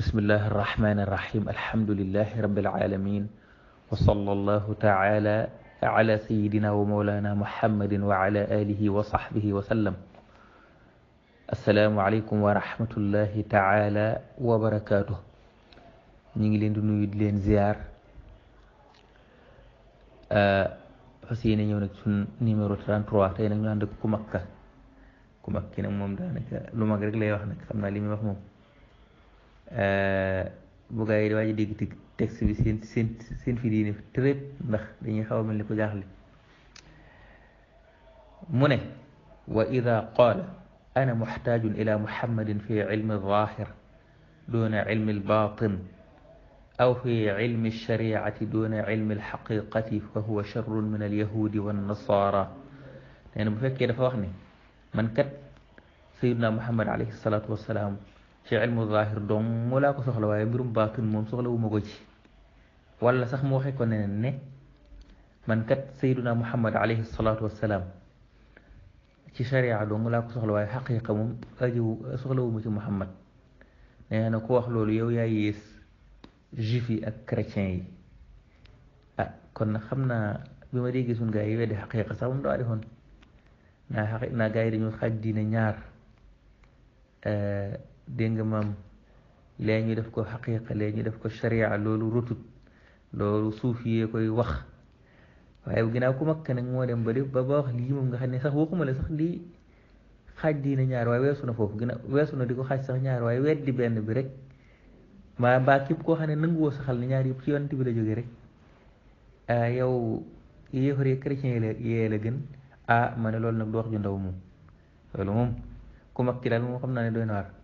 بسم الله الرحمن الرحيم الحمد لله رب العالمين وصلى الله تعالى على سيدنا ومولانا محمد وعلى آله وصحبه وسلم السلام عليكم ورحمة الله تعالى وبركاته نجلين لين دو نويد لين زيار حسين يونك nak sun تران 33 tay nak ñu and ku makka ku makki nak mom danaka lu mag bugaay yi waaji dégg dégg texte bi seen seen seen fi diine tërëb ndax dañuy xaw a mel ni ko jaaxle mu ne wa ida qaala ana muxtaajun ila muhammadin fi cilmi alzaahir duuna cilmi albaatin أو في علم الشريعة دون علم الحقيقة فهو شر من اليهود والنصارى لأن يعني مفكر فوحني من كت سيدنا محمد عليه الصلاة والسلام ci ilmu zahir dong laa ko soxla waaye mbirum baatin moom soxlawuma ko ci wala sax mo waxe ko neneen ne man kat sayyiduna muhammad alayhi salatu wassalam ci sharia dong la ko soxla waaye xaqiqa moom ajiwu soxlawuma ci muhammad nee ko wax lolou yow yaay yes jifi ak chrétien yi ah kon xamna bima naa bi ma déggee sun gaa yi weddi xaqiqa sax moom daa defoon na xaqi naa gaa dañu xaj diine ñaar dégg nga maam lee ñu def ko xaqiqa lee ñu def ko sharia loolu rotut loolu suuf yee koy wax waaye bu ginnaaw ku makk nag moo dem ba ba ba wax lii nga xam ne sax waxuma sax lii xaaj diina ñaar waaye weesu na foofu ginnaaw weesu na di ko xaaj sax ñaar waaye weddi benn bi rek maa mbaa képp koo xam ne nanguwoo saxal ne ñaar yëpp ci yonent bi la jógee rek yow yéefar yi chrétien yi la yee la gën ah ma ne loolu nag du wax ju ndaw moom loolu moom ku makki daal moom xam naa ne doy na waar